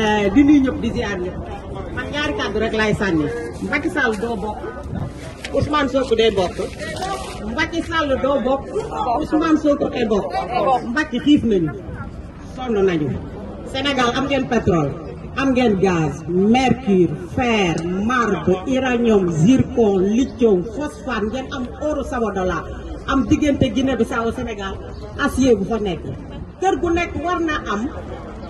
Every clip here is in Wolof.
Eh, di nuyu ñëpp di ziar ñëpp man ñaari kàddu rek laay sànni Macky Sall doo bokk Ousmane Sonko day bokk Macky Sall doo bokk Ousmane Sonko day bokk Macky xiif nañu sonn nañu Sénégal am ngeen pétrole am ngeen gaz mercure fer marbre uranium zircon lithium phosphate ngeen am euro sama dollar am diggante Guinée Bissau Sénégal acier bu fa nekk kër gu nekk war naa am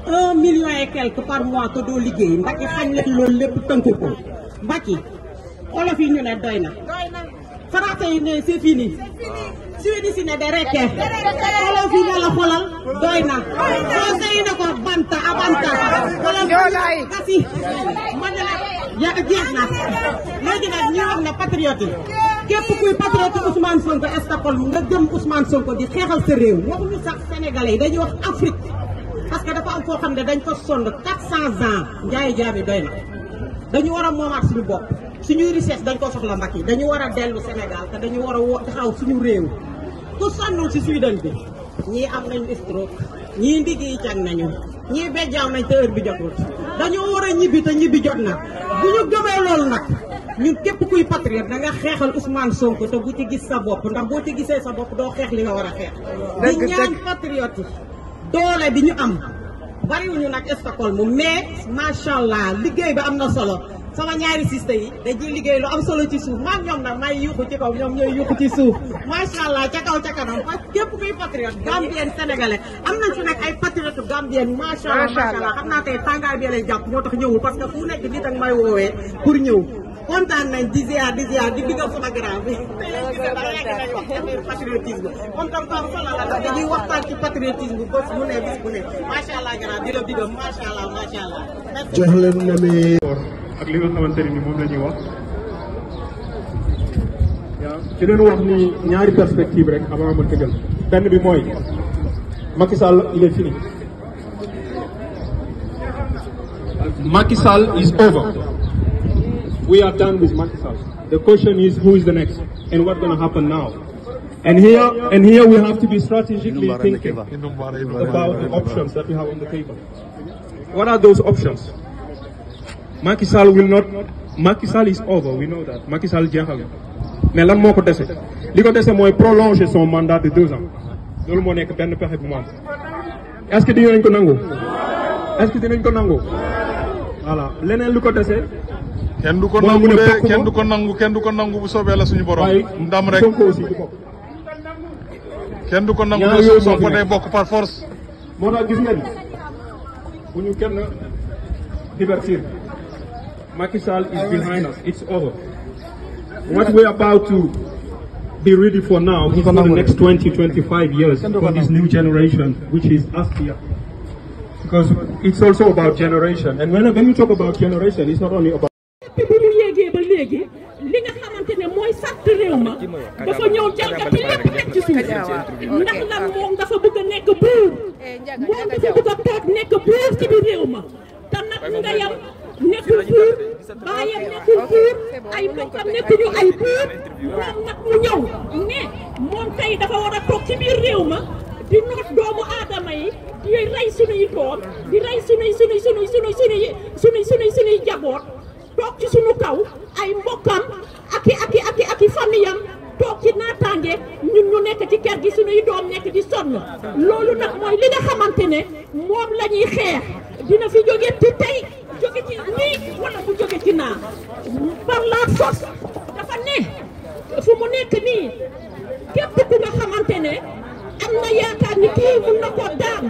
un million et quelque par mois te doo liggéey Macky xañ leen loolu lépp tënk ko Macky olof yi ñu ne doy na français yi ne c'est fini suédois yi ne dereke olof yi ne la xolal doy na français yi ne ko banta abanta olof yi kasi man na ya jeex na léegi nag ñu wax ne patriote yi képp kuy patriote Ousmane Sonko estapol nga gëm Ousmane Sonko di xeexal sa réew waxuñu sax sénégalais yi dañuy wax Afrique am foo xam ne dañ fa sonn 400 ans njaay jaabi doy na dañu war a moomaat suñu bopp suñuy richesse dañ ko soxla mbag yi dañu war a dellu Sénégal te dañu war a woo taxaw suñu réew ku sonnul si Sudan bi ñii am nañu stroke ñii ndigg yi can nañu ñii bejjaaw nañ te heure bi jotul dañoo war a ñibbi te ñibbi jot na bu ñu gëmee loolu nag ñun képp kuy patriote da nga xeexal Ousmane Sonko te bu ci gis sa bopp ndax boo ci gisee sa bopp doo xeex li nga war a xeex di ñaan bi ñu bariwuñu nag stockholm mu mais macha allah liggéey ba am na solo sama ñaari siste yi dañuy liggéey lu am solo ci suuf maam ñoom nag may yuuxu ci kaw ñoom ñooy yuuxu ci suuf macha ca kaw ca kanam parce képp kuy patriote gambien sénégalais am na fi nag ay patriote gambien macha allah macha allah xam naa tey tàngaay bi lay jàpp moo tax ñëwul parce que fu nekk nit ak may woowee pour ñëw kontaan nañ di ziar di di digal sama grand bi. xamante ne ni moom la ñuy wax. ci leen ñaari perspective bi mooy Macky Sall il est fini Macky Sall is over we are done with Macky Sall. The question is who is the next and what's going to happen now. And here, and here we have to be strategically thinking about the options that have those options? Macky is over, we know that. Macky Sall jeexal mais lan moo ko dese li ko dese mooy prolonger son mandat de deux ans loolu moo nekk benn pexe bu mu am est-ce ko nangu. est ko nangu. kenn du ko nangu de kenn du ko nangu kenn du ko nangu bu soobee la suñu borom ndam rek kenn du ko nangu de Sonko day bokk par force. moo tax gis ngeen bu ñu kenn divertir Macky Sall is behind us it's over. what we are about to be ready for now is for the next 20 25 years for this new generation which is us here. because it's also about generation and when, when you talk about generation it's not only about léegi li nga xamante ne mooy sàtt réew ma dafa ñëw jalgati lépp teg ci suuf ndax lan moom dafa bëgg a nekk buur moom dafa bëgg a toog nekk buur ci biir réew ma te nag mu ñëw ne moom tey dafa war a toog ci biir réew ma di noot doomu aadama yi di rey sunuy doom di rey sunuy sunuy sunuy sunuy sunuy sunuy sunuy sunuy jaboot toog ci suñu kaw ay mbokkam ak i ak i ak i toog ci naataange ñun ñu nekk ci kër gi suñuy doom nekk di sonn loolu nag mooy li nga xamante ne moom la xeex dina fi jóge ci tey jóge ci nii wala bu jóge ci naa par la dafa ne fu mu nekk nii képp ku nga xamante ne am na yaakaar ni kii mun na daan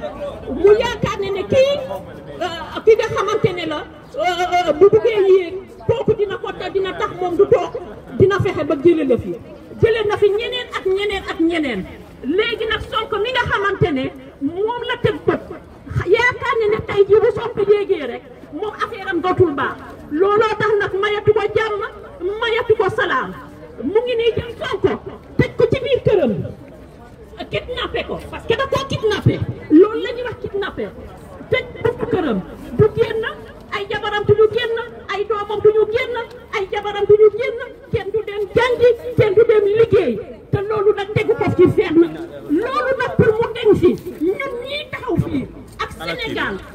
jëlee na fi ñeneen ak ñeneen ak ñeneen léegi nag Sonko mi nga xamante ne moom la teg bët yaakaar ne ne tey jii bu yéegee rek moom affaire am dootul baax looloo tax nag mayatu ko jàmm mayatu ko salaam mu ngi nii jël Sonko tëj ko ci biir këram kidnappé ko parce que da koo kidnappé loolu la ñuy wax kidnappé tëj bëpp ci dem liggéey te loolu nag tegu ko ci feer na loolu nag pour mu tegu si ñun ñii taxaw fii ak Sénégal